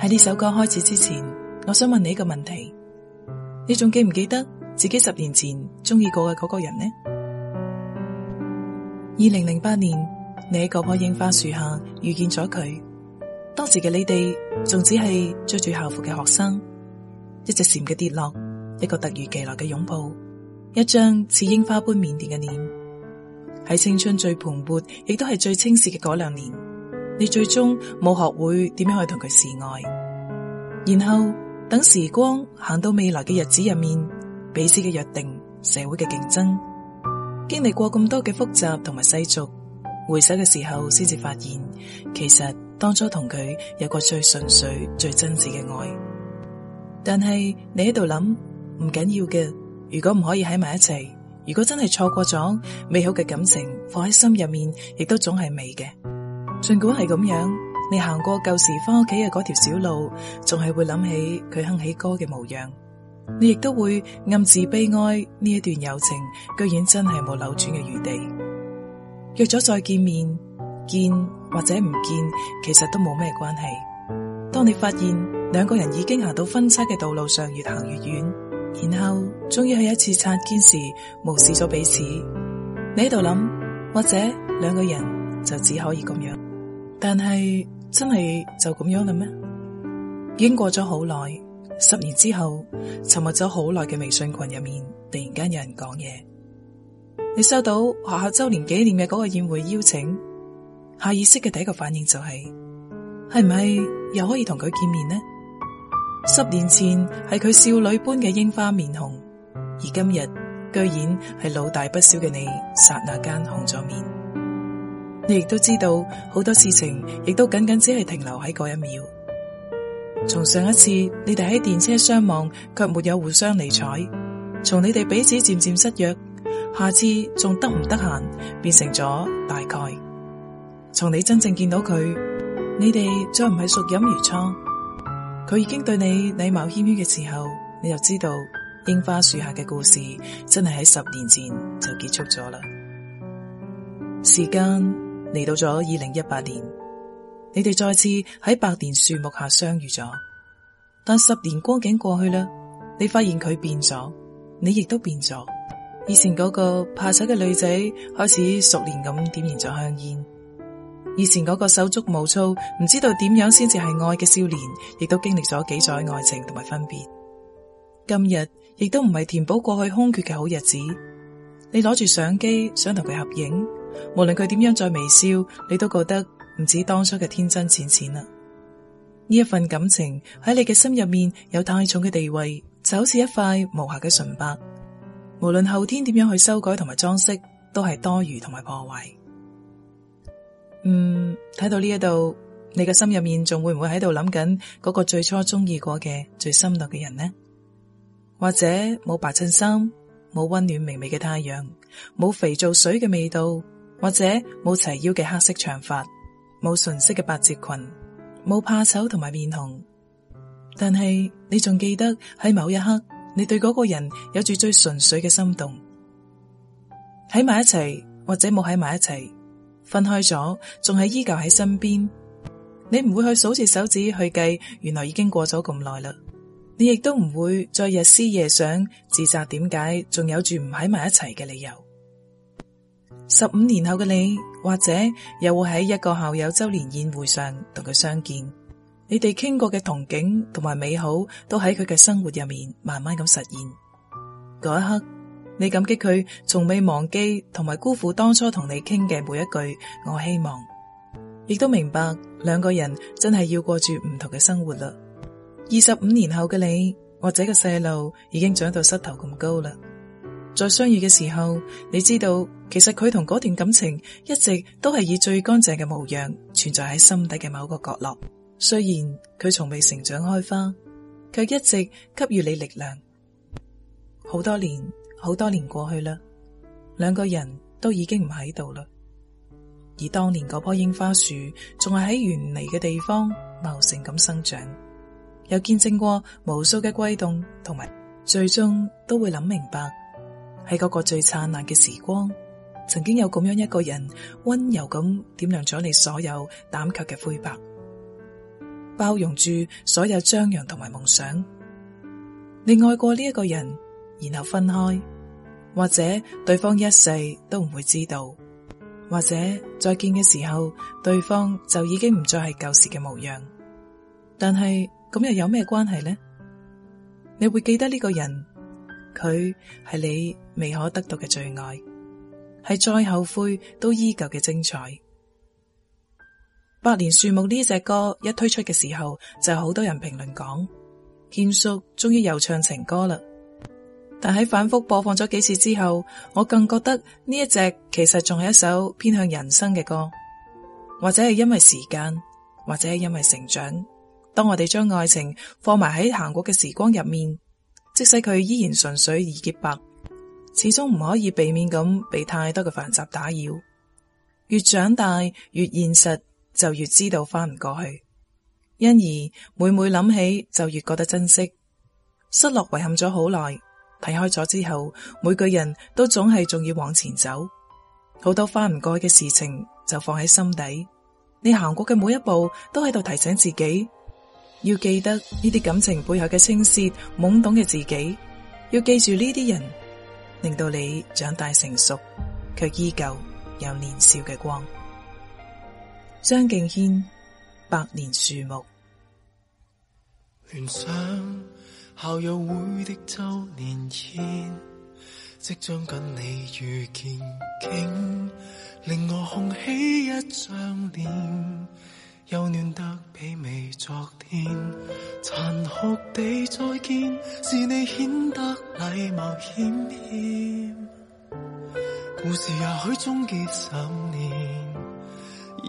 喺呢首歌開始之前，我想問你一個問題：你仲記唔記得自己十年前中意過嘅嗰個人呢？二零零八年，你喺嗰棵櫻花樹下遇見咗佢。當時嘅你哋仲只係追住校服嘅學生，一隻蟬嘅跌落，一個突如其來嘅擁抱，一張似櫻花般腼腆嘅臉，喺青春最蓬勃，亦都係最青澀嘅嗰兩年。你最終冇學會點樣去同佢示愛，然後等時光行到未來嘅日子入面，彼此嘅約定、社會嘅競爭，經歷過咁多嘅複雜同埋世俗，回首嘅時候先至發現，其實當初同佢有個最純粹、最真摯嘅愛。但係你喺度諗，唔緊要嘅，如果唔可以喺埋一齊，如果真係錯過咗，美好嘅感情，放喺心入面，亦都總係美嘅。盡管係咁樣，你行過舊時翻屋企嘅嗰條小路，仲係會諗起佢哼起歌嘅模樣。你亦都會暗自悲哀，呢一段友情居然真係冇扭轉嘅餘地。約咗再見面，見或者唔見，其實都冇咩關係。當你發現兩個人已經行到分叉嘅道路上越行越遠，然後終於喺一次擦肩時無視咗彼此，你喺度諗，或者兩個人就只可以咁樣。但係真係就咁樣啦咩？已經過咗好耐，十年之後，沉默咗好耐嘅微信群入面，突然間有人講嘢。你收到學校周年紀念嘅嗰個宴會邀請，下意識嘅第一個反應就係、是，係唔係又可以同佢見面呢？十年前係佢少女般嘅櫻花面紅，而今日居然係老大不小嘅你，剎那間紅咗面。你亦都知道好多事情，亦都僅僅只係停留喺嗰一秒。從上一次你哋喺電車相望，卻沒有互相理睬；從你哋彼此漸漸失約，下次仲得唔得閒變成咗大概；從你真正見到佢，你哋再唔係熟飲如初，佢已經對你禮貌謙虛嘅時候，你就知道櫻花樹下嘅故事真係喺十年前就結束咗啦。時間。嚟到咗二零一八年，你哋再次喺百年樹木下相遇咗，但十年光景過去啦，你發現佢變咗，你亦都變咗。以前嗰個怕醜嘅女仔開始熟練咁點燃咗香煙，以前嗰個手足無措唔知道點樣先至係愛嘅少年，亦都經歷咗幾載愛情同埋分別。今日亦都唔係填補過去空缺嘅好日子，你攞住相機想同佢合影。無論佢點樣再微笑，你都覺得唔止當初嘅天真淺淺啦。呢一份感情喺你嘅心入面有太重嘅地位，就好似一塊無瑕嘅純白，無論後天點樣去修改同埋裝飾，都係多餘同埋破壞。嗯，睇到呢一度，你嘅心入面仲會唔會喺度諗緊嗰個最初中意過嘅最心動嘅人呢？或者冇白襯衫，冇溫暖明媚嘅太陽，冇肥皂水嘅味道。或者冇齊腰嘅黑色長髮，冇純色嘅百褶裙，冇怕醜同埋面紅，但係你仲記得喺某一刻，你對嗰個人有住最純粹嘅心動，喺埋一齊或者冇喺埋一齊，分開咗仲係依舊喺身邊，你唔會去數住手指去計，原來已經過咗咁耐啦，你亦都唔會再日思夜想，自責點解仲有住唔喺埋一齊嘅理由。十五年後嘅你，或者又會喺一個校友周年宴會上同佢相見。你哋傾過嘅憧憬同埋美好，都喺佢嘅生活入面慢慢咁實現。嗰一刻，你感激佢從未忘記同埋辜負當初同你傾嘅每一句我希望，亦都明白兩個人真係要過住唔同嘅生活嘞。二十五年後嘅你，或者個細路已經長到膝頭咁高啦。再相遇嘅時候，你知道其實佢同嗰段感情一直都係以最乾淨嘅模樣存在喺心底嘅某個角落。雖然佢從未成長開花，卻一直給予你力量。好多年，好多年過去啦，兩個人都已經唔喺度啦。而當年嗰棵櫻花樹仲係喺原嚟嘅地方茂盛咁生長，又見證過無數嘅悸動，同埋最終都會諗明白。喺嗰個最燦爛嘅時光，曾經有咁樣一個人溫柔咁點亮咗你所有膽怯嘅灰白，包容住所有張揚同埋夢想。你愛過呢一個人，然後分開，或者對方一世都唔會知道，或者再見嘅時候，對方就已經唔再係舊時嘅模樣。但係咁又有咩關係呢？你會記得呢個人？佢係你未可得到嘅最愛，係再後悔都依舊嘅精彩。百年樹木呢隻歌一推出嘅時候，就有好多人評論講：堅叔終於又唱情歌啦。但喺反復播放咗幾次之後，我更覺得呢一隻其實仲係一首偏向人生嘅歌，或者係因為時間，或者係因為成長。當我哋將愛情放埋喺行過嘅時光入面。即使佢依然純粹而潔白，始終唔可以避免咁被太多嘅繁雜打擾。越長大越現實，就越知道翻唔過去，因而每每諗起就越覺得珍惜。失落遺憾咗好耐，睇開咗之後，每個人都總係仲要往前走。好多翻唔過去嘅事情就放喺心底，你行過嘅每一步都喺度提醒自己。要記得呢啲感情背後嘅青澀，懵懂嘅自己，要記住呢啲人，令到你長大成熟，卻依舊有年少嘅光。張敬軒，百年樹木。聯 想校友會的周年宴，即將跟你遇見，竟令我紅起一張臉。幼嫩得媲美昨天，殘酷地再見，是你顯得禮貌欠欠。故事也許終結十年，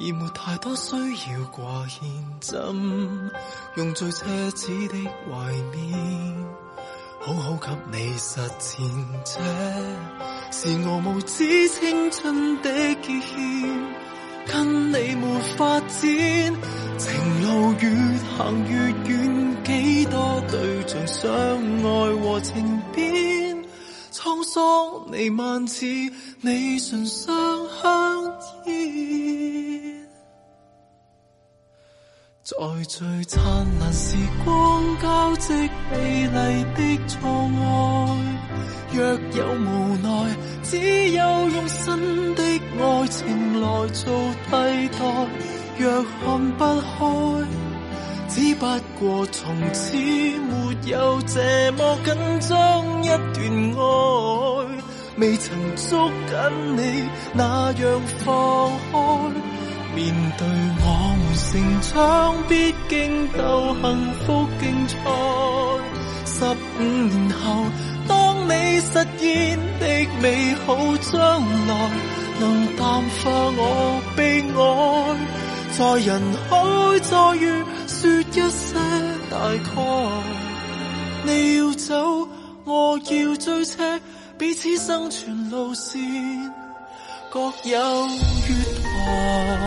已沒太多需要掛牽，怎用最奢侈的懷念，好好給你實踐？這是我無止青春的結欠。跟你沒發展，情路越行越遠，幾多對象，相愛和情變，滄桑彌漫似，你唇上香煙。在最燦爛時光交織美麗的錯愛，若有無奈，只有用新的愛情來做替代。若看不開，只不過從此沒有這麼緊張一段愛，未曾捉緊你那樣放開。面對我們成長必經鬥幸福競賽，十五年後當你實現的美好將來，能淡化我悲哀，在人海再遇，説一些大概。你要走，我要追車，彼此生存路線各有月台。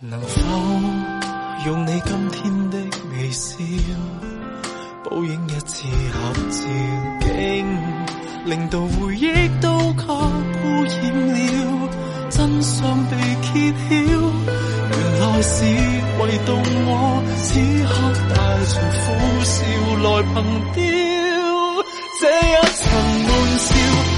能否用你今天的微笑，補影一次合照，竟令到回憶都給污染了，真相被揭曉，原來是唯獨我此刻帶着苦笑來憑吊這一場玩笑。